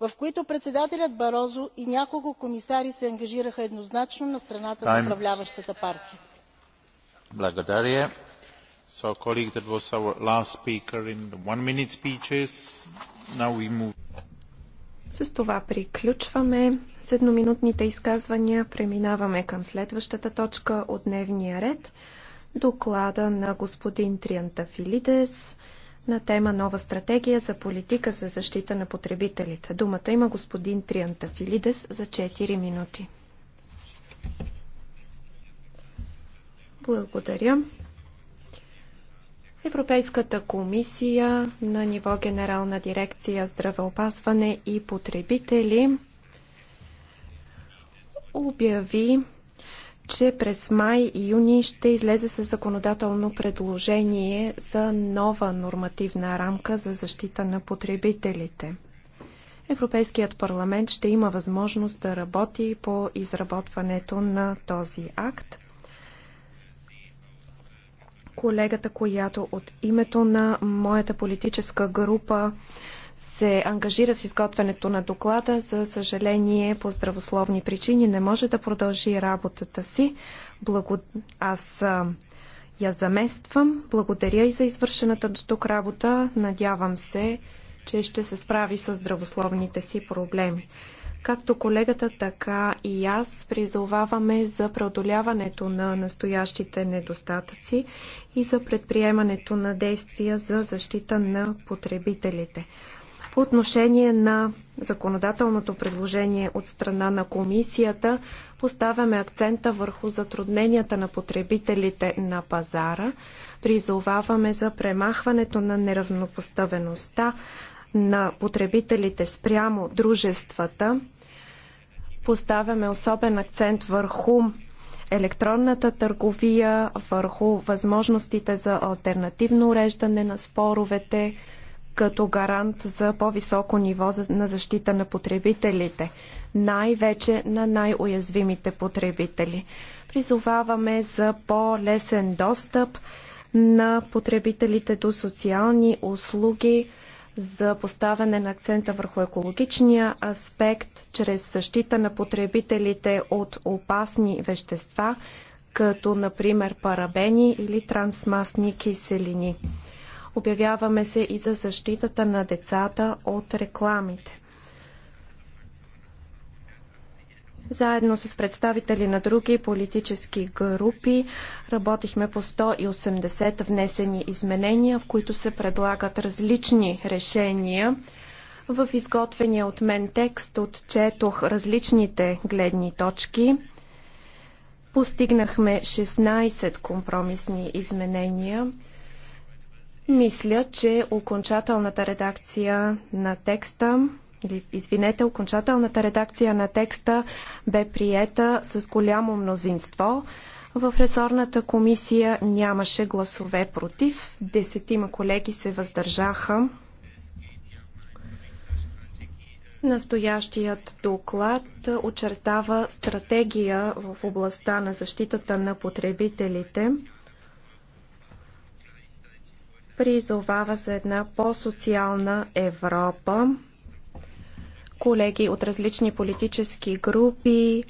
в които председателят барозу и няколко комисари се ангажираха еднозначно на страната на управляващата партия. С това приключваме с едноминутните изказвания. Преминаваме към следващата точка от дневния ред. Доклада на господин Триантафилидес на тема Нова стратегия за политика за защита на потребителите. Думата има господин Трианта Филидес за 4 минути. Благодаря. Европейската комисия на ниво Генерална дирекция здравеопазване и потребители обяви че през май и юни ще излезе със законодателно предложение за нова нормативна рамка за защита на потребителите. Европейският парламент ще има възможност да работи по изработването на този акт. Колегата, която от името на моята политическа група се ангажира с изготвянето на доклада. За съжаление, по здравословни причини не може да продължи работата си. Благо... Аз я замествам. Благодаря и за извършената до тук работа. Надявам се, че ще се справи с здравословните си проблеми. Както колегата, така и аз призоваваме за преодоляването на настоящите недостатъци и за предприемането на действия за защита на потребителите. По отношение на законодателното предложение от страна на комисията, поставяме акцента върху затрудненията на потребителите на пазара, призоваваме за премахването на неравнопоставеността на потребителите спрямо дружествата, поставяме особен акцент върху електронната търговия, върху възможностите за альтернативно уреждане на споровете, като гарант за по-високо ниво на защита на потребителите, най-вече на най-уязвимите потребители. Призоваваме за по-лесен достъп на потребителите до социални услуги, за поставяне на акцента върху екологичния аспект, чрез защита на потребителите от опасни вещества, като например парабени или трансмастни киселини. Обявяваме се и за защитата на децата от рекламите. Заедно с представители на други политически групи работихме по 180 внесени изменения, в които се предлагат различни решения. В изготвения от мен текст отчетох различните гледни точки. Постигнахме 16 компромисни изменения. Мисля, че окончателната редакция на текста или, извинете, окончателната редакция на текста бе приета с голямо мнозинство. В ресорната комисия нямаше гласове против. Десетима колеги се въздържаха. Настоящият доклад очертава стратегия в областта на защитата на потребителите – призовава за една по-социална Европа. Колеги от различни политически групи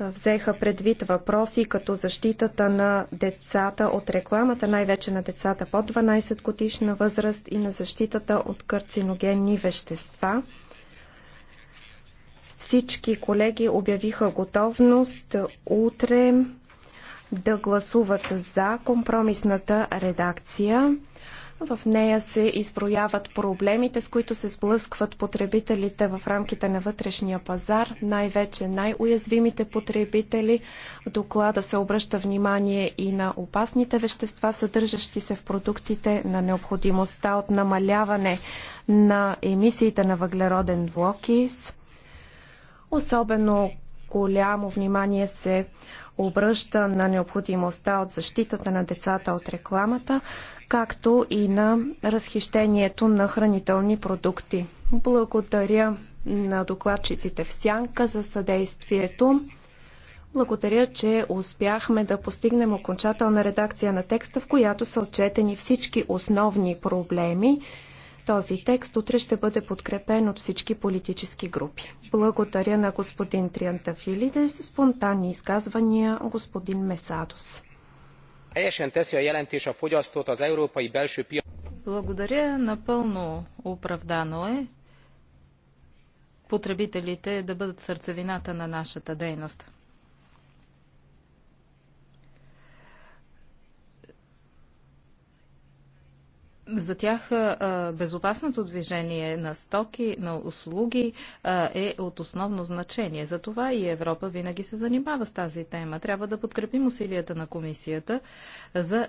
взеха предвид въпроси като защитата на децата от рекламата, най-вече на децата под 12 годишна възраст и на защитата от карциногенни вещества. Всички колеги обявиха готовност утре да гласуват за компромисната редакция. В нея се изброяват проблемите, с които се сблъскват потребителите в рамките на вътрешния пазар, най-вече най-уязвимите потребители. В доклада се обръща внимание и на опасните вещества, съдържащи се в продуктите, на необходимостта от намаляване на емисиите на въглероден двуокис. Особено голямо внимание се обръща на необходимостта от защитата на децата от рекламата, както и на разхищението на хранителни продукти. Благодаря на докладчиците в Сянка за съдействието. Благодаря, че успяхме да постигнем окончателна редакция на текста, в която са отчетени всички основни проблеми. Този текст утре ще бъде подкрепен от всички политически групи. Благодаря на господин Триантафилидес. Спонтанни изказвания господин Месадос. Helyesen teszi a jelentés a fogyasztót az európai belső piac. Благодаря, напълно оправдано е потребителите да бъдат сърцевината на нашата дейност. За тях безопасното движение на стоки, на услуги е от основно значение. Затова и Европа винаги се занимава с тази тема. Трябва да подкрепим усилията на комисията за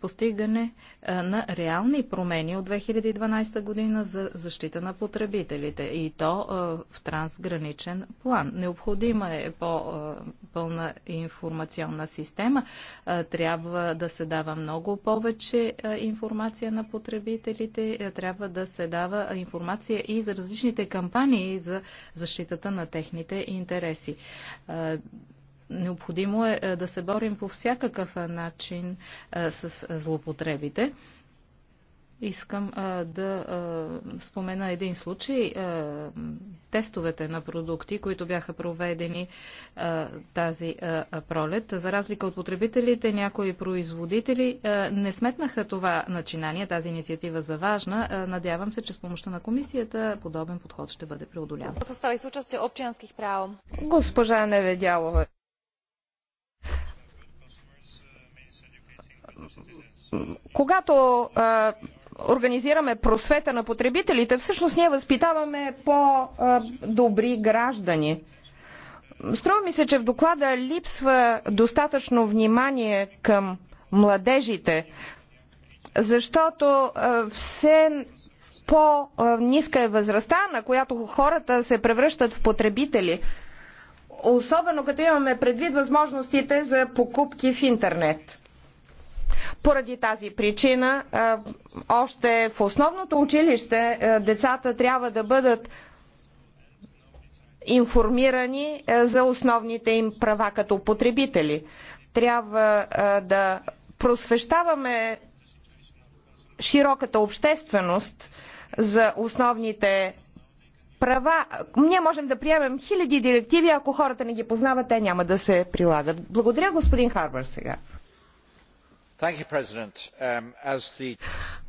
постигане на реални промени от 2012 година за защита на потребителите и то в трансграничен план. Необходима е по-пълна информационна система. Трябва да се дава много повече информация на на потребителите, е, трябва да се дава информация и за различните кампании за защитата на техните интереси. Е, необходимо е, е да се борим по всякакъв начин с злоупотребите. Искам а, да а, спомена един случай. А, тестовете на продукти, които бяха проведени а, тази а, пролет, за разлика от потребителите, някои производители а, не сметнаха това начинание, тази инициатива за важна. А, надявам се, че с помощта на комисията подобен подход ще бъде преодолян. Състави с участие общинских прав. Госпожа Неведялова. Когато а, организираме просвета на потребителите, всъщност ние възпитаваме по-добри граждани. Струва ми се, че в доклада липсва достатъчно внимание към младежите, защото все по-ниска е възрастта, на която хората се превръщат в потребители. Особено като имаме предвид възможностите за покупки в интернет. Поради тази причина, още в основното училище децата трябва да бъдат информирани за основните им права като потребители. Трябва да просвещаваме широката общественост за основните права. Ние можем да приемем хиляди директиви, ако хората не ги познават, те няма да се прилагат. Благодаря, господин Харбър, сега. Um,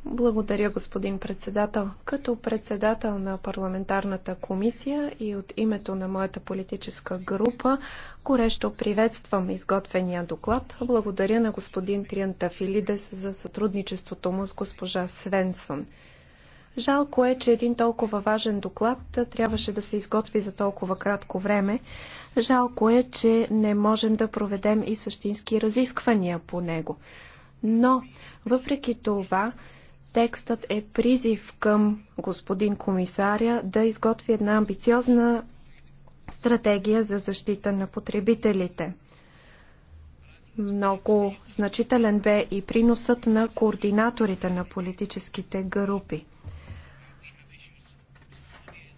Благодаря, господин председател. Като председател на парламентарната комисия и от името на моята политическа група, горещо приветствам изготвения доклад. Благодаря на господин Триантафилидес за сътрудничеството му с госпожа Свенсон. Жалко е, че един толкова важен доклад трябваше да се изготви за толкова кратко време. Жалко е, че не можем да проведем и същински разисквания по него. Но, въпреки това, текстът е призив към господин комисаря да изготви една амбициозна стратегия за защита на потребителите. Много значителен бе и приносът на координаторите на политическите групи.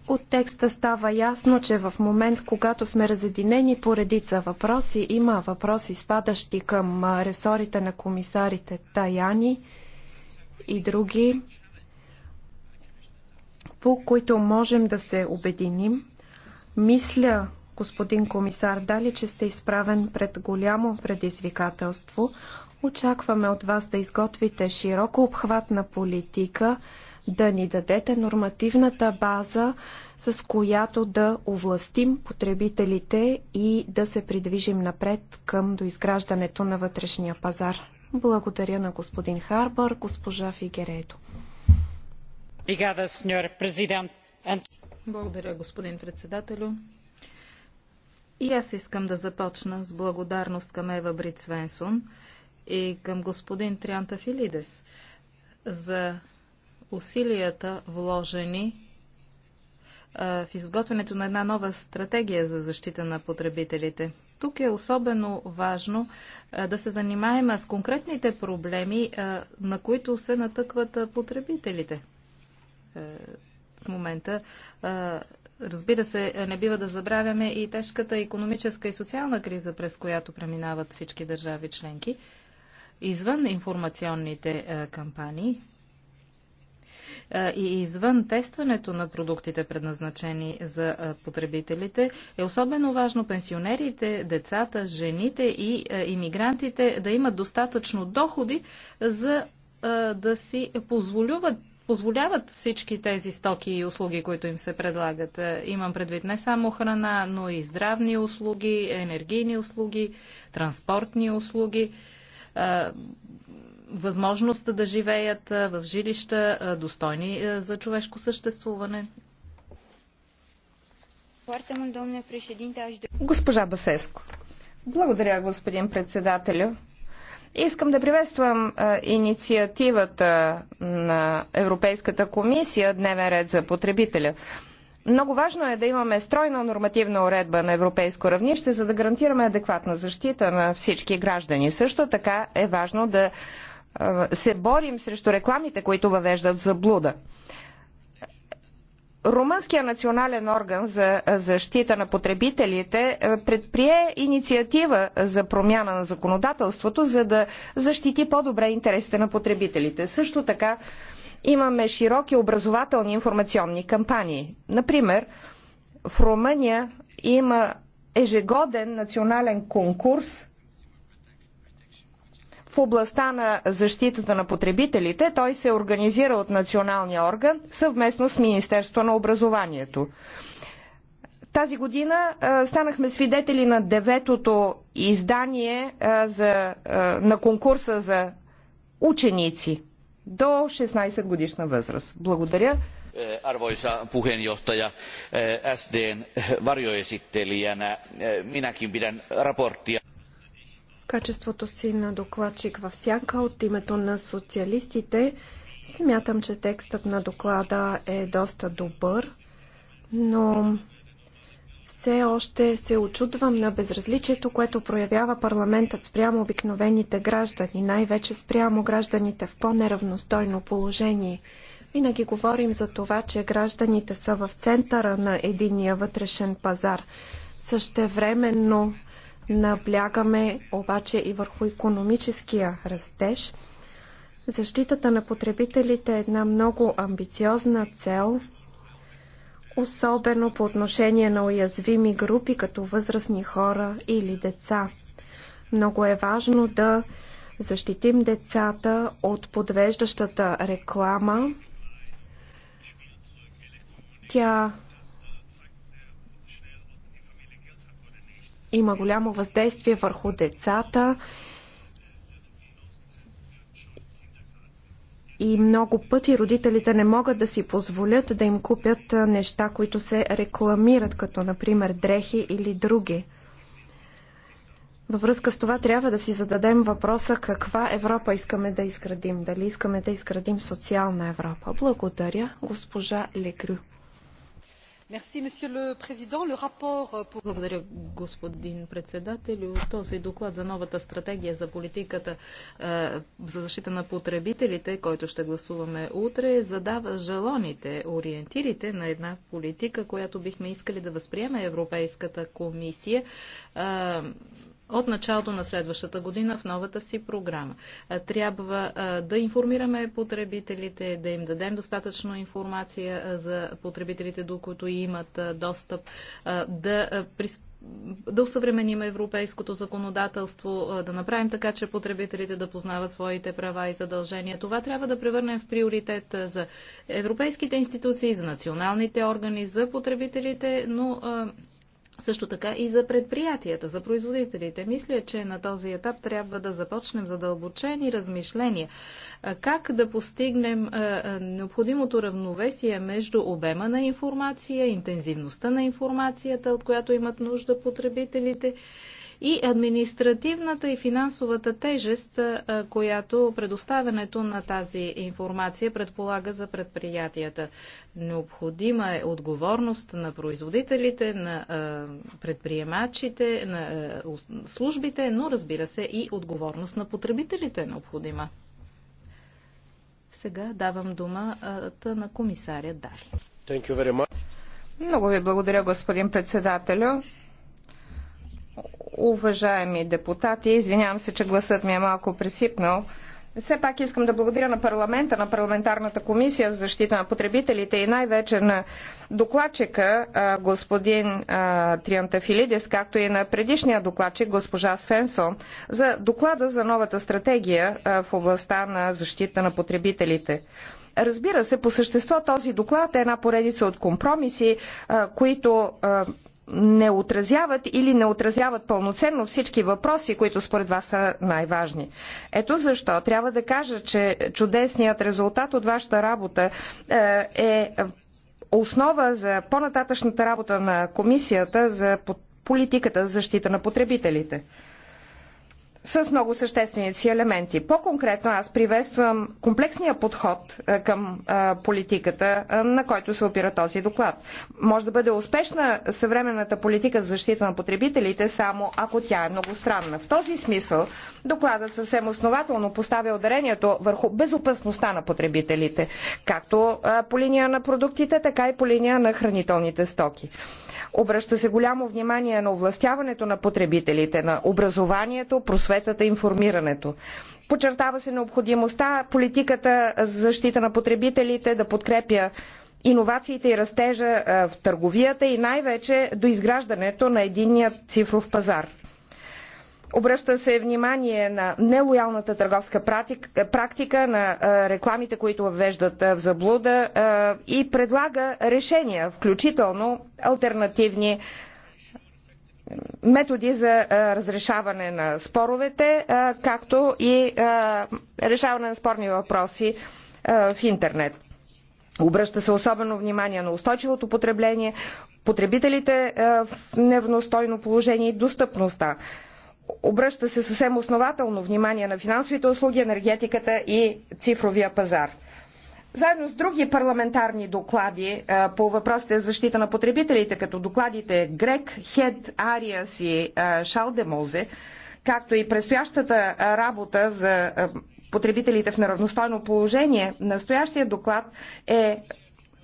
От текста става ясно, че в момент, когато сме разединени по редица въпроси, има въпроси спадащи към ресорите на комисарите Таяни и други, по които можем да се обединим. Мисля, господин комисар Дали, че сте изправен пред голямо предизвикателство. Очакваме от вас да изготвите широко обхватна политика – да ни дадете нормативната база, с която да овластим потребителите и да се придвижим напред към доизграждането на вътрешния пазар. Благодаря на господин Харбър, госпожа Фигередо. Благодаря, господин председателю. И аз искам да започна с благодарност към Ева Брит Свенсон и към господин Трианта Филидес за усилията вложени в изготвянето на една нова стратегия за защита на потребителите. Тук е особено важно да се занимаем с конкретните проблеми, на които се натъкват потребителите. В момента Разбира се, не бива да забравяме и тежката економическа и социална криза, през която преминават всички държави членки. Извън информационните кампании, и извън тестването на продуктите, предназначени за потребителите, е особено важно пенсионерите, децата, жените и иммигрантите да имат достатъчно доходи, за да си позволяват позволяват всички тези стоки и услуги, които им се предлагат. Имам предвид не само храна, но и здравни услуги, енергийни услуги, транспортни услуги възможност да живеят в жилища, достойни за човешко съществуване. Госпожа Басеско. Благодаря, господин председателю. Искам да приветствам а, инициативата на Европейската комисия Дневен ред за потребителя. Много важно е да имаме стройна нормативна уредба на европейско равнище, за да гарантираме адекватна защита на всички граждани. Също така е важно да е, се борим срещу рекламите, които въвеждат заблуда. Румънския национален орган за защита на потребителите е, предприе инициатива за промяна на законодателството, за да защити по-добре интересите на потребителите. Също така имаме широки образователни информационни кампании. Например, в Румъния има ежегоден национален конкурс в областта на защитата на потребителите. Той се организира от националния орган съвместно с Министерство на образованието. Тази година а, станахме свидетели на деветото издание а, за, а, на конкурса за ученици до 16 годишна възраст. Благодаря. Arvoisa е, puheenjohtaja, SDn е, е, varjoesittelijänä minäkin pidän raporttia качеството си на докладчик във сянка от името на социалистите. Смятам, че текстът на доклада е доста добър, но все още се очудвам на безразличието, което проявява парламентът спрямо обикновените граждани, най-вече спрямо гражданите в по-неравностойно положение. Винаги говорим за това, че гражданите са в центъра на единия вътрешен пазар. Същевременно Наблягаме обаче и върху економическия растеж. Защитата на потребителите е една много амбициозна цел, особено по отношение на уязвими групи, като възрастни хора или деца. Много е важно да защитим децата от подвеждащата реклама. Тя има голямо въздействие върху децата. И много пъти родителите не могат да си позволят да им купят неща, които се рекламират, като например дрехи или други. Във връзка с това трябва да си зададем въпроса каква Европа искаме да изградим. Дали искаме да изградим социална Европа? Благодаря, госпожа Лекрю. Euh, Благодаря, господин председател. Този доклад за новата стратегия за политиката е, за защита на потребителите, който ще гласуваме утре, задава жалоните, ориентирите на една политика, която бихме искали да възприеме Европейската комисия е, от началото на следващата година в новата си програма. Трябва да информираме потребителите, да им дадем достатъчно информация за потребителите, до които имат достъп, да приспособим да усъвременим европейското законодателство, да направим така, че потребителите да познават своите права и задължения. Това трябва да превърнем в приоритет за европейските институции, за националните органи, за потребителите, но също така и за предприятията, за производителите. Мисля, че на този етап трябва да започнем задълбочени размишления. Как да постигнем необходимото равновесие между обема на информация, интензивността на информацията, от която имат нужда потребителите, и административната и финансовата тежест, която предоставянето на тази информация предполага за предприятията. Необходима е отговорност на производителите, на предприемачите, на службите, но разбира се и отговорност на потребителите е необходима. Сега давам думата на комисаря Дали. Много ви благодаря, господин председателю. Уважаеми депутати, извинявам се, че гласът ми е малко пресипнал. Все пак искам да благодаря на парламента, на парламентарната комисия за защита на потребителите и най-вече на докладчика господин Триантафилидис, както и на предишния докладчик госпожа Свенсон за доклада за новата стратегия в областта на защита на потребителите. Разбира се, по същество този доклад е една поредица от компромиси, които не отразяват или не отразяват пълноценно всички въпроси, които според вас са най-важни. Ето защо трябва да кажа, че чудесният резултат от вашата работа е, е основа за по-нататъчната работа на комисията за политиката за защита на потребителите с много съществени си елементи. По-конкретно аз приветствам комплексния подход към политиката, на който се опира този доклад. Може да бъде успешна съвременната политика за защита на потребителите само ако тя е многостранна. В този смисъл Докладът съвсем основателно поставя ударението върху безопасността на потребителите, както по линия на продуктите, така и по линия на хранителните стоки. Обръща се голямо внимание на овластяването на потребителите, на образованието, просветата, информирането. Подчертава се необходимостта политиката за защита на потребителите да подкрепя иновациите и растежа в търговията и най-вече до изграждането на единния цифров пазар. Обръща се внимание на нелоялната търговска практика, на рекламите, които въвеждат в заблуда и предлага решения, включително альтернативни методи за разрешаване на споровете, както и решаване на спорни въпроси в интернет. Обръща се особено внимание на устойчивото потребление, потребителите в невностойно положение и достъпността. Обръща се съвсем основателно внимание на финансовите услуги, енергетиката и цифровия пазар. Заедно с други парламентарни доклади е, по въпросите за защита на потребителите, като докладите Грек, Хед, Ариас и е, Шалдемозе, както и предстоящата работа за е, потребителите в неравностойно положение, настоящия доклад е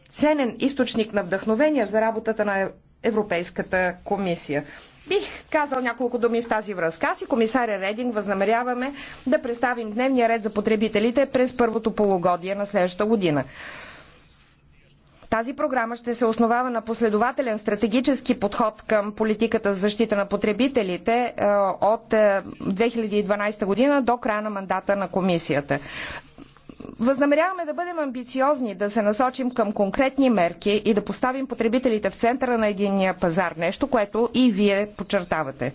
ценен източник на вдъхновение за работата на Европейската комисия. Бих казал няколко думи в тази връзка. Аз и комисаря Рединг възнамеряваме да представим дневния ред за потребителите през първото полугодие на следващата година. Тази програма ще се основава на последователен стратегически подход към политиката за защита на потребителите е, от 2012 е, година до края на мандата на комисията. Възнамеряваме да бъдем амбициозни, да се насочим към конкретни мерки и да поставим потребителите в центъра на единния пазар, нещо, което и вие подчертавате.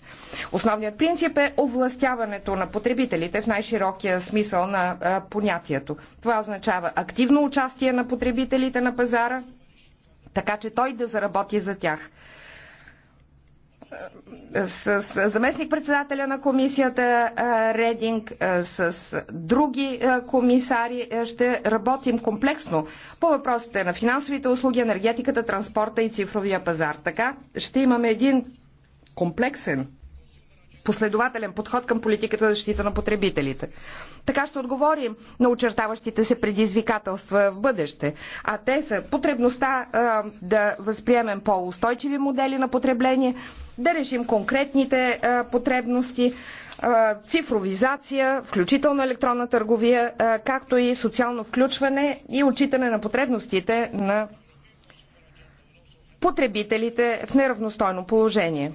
Основният принцип е овластяването на потребителите в най-широкия смисъл на а, понятието. Това означава активно участие на потребителите на пазара, така че той да заработи за тях с заместник-председателя на комисията Рединг, с други комисари ще работим комплексно по въпросите на финансовите услуги, енергетиката, транспорта и цифровия пазар. Така ще имаме един комплексен последователен подход към политиката за защита на потребителите. Така ще отговорим на очертаващите се предизвикателства в бъдеще. А те са потребността а, да възприемем по-устойчиви модели на потребление, да решим конкретните а, потребности, а, цифровизация, включително електронна търговия, а, както и социално включване и отчитане на потребностите на потребителите в неравностойно положение.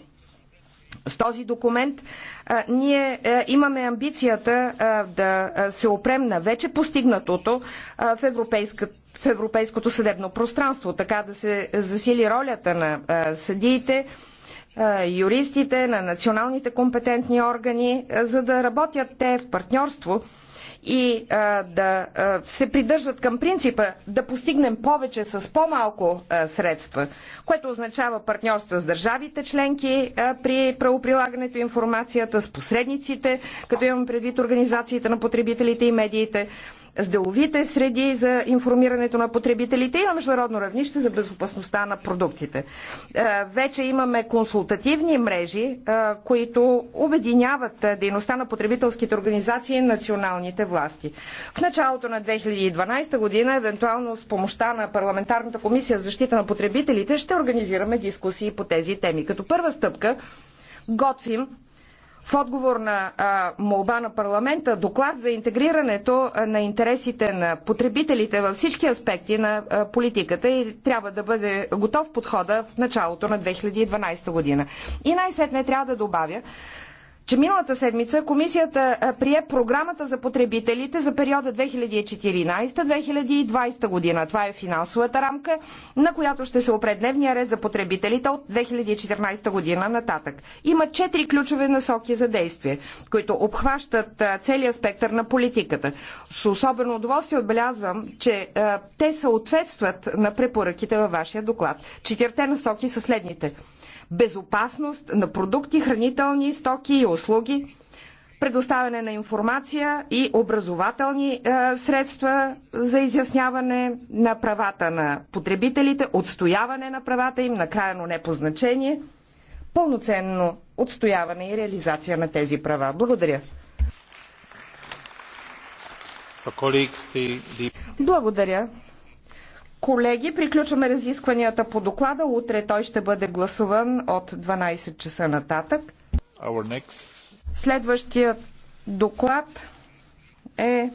С този документ а, ние а, имаме амбицията а, да се опрем на вече постигнатото а, в, в европейското съдебно пространство, така да се засили ролята на а, съдиите, а, юристите, на националните компетентни органи, а, за да работят те в партньорство и а, да а, се придържат към принципа да постигнем повече с по-малко средства, което означава партньорства с държавите членки а, при правоприлагането и информацията, с посредниците, като имам предвид организациите на потребителите и медиите, с деловите среди за информирането на потребителите и на международно равнище за безопасността на продуктите. Е, вече имаме консултативни мрежи, е, които обединяват е, дейността на потребителските организации и националните власти. В началото на 2012 година, евентуално с помощта на Парламентарната комисия за защита на потребителите, ще организираме дискусии по тези теми. Като първа стъпка готвим в отговор на молба на парламента доклад за интегрирането на интересите на потребителите във всички аспекти на политиката и трябва да бъде готов подхода в началото на 2012 година. И най-сетне трябва да добавя, че миналата седмица комисията прие програмата за потребителите за периода 2014-2020 година. Това е финансовата рамка, на която ще се опре дневния ред за потребителите от 2014 година нататък. Има четири ключови насоки за действие, които обхващат целия спектър на политиката. С особено удоволствие отбелязвам, че те съответстват на препоръките във вашия доклад. Четирте насоки са следните безопасност на продукти, хранителни стоки и услуги, предоставяне на информация и образователни е, средства за изясняване на правата на потребителите, отстояване на правата им, накрая, но не по значение, пълноценно отстояване и реализация на тези права. Благодаря. Благодаря. Колеги, приключваме разискванията по доклада. Утре той ще бъде гласуван от 12 часа нататък. Следващият доклад е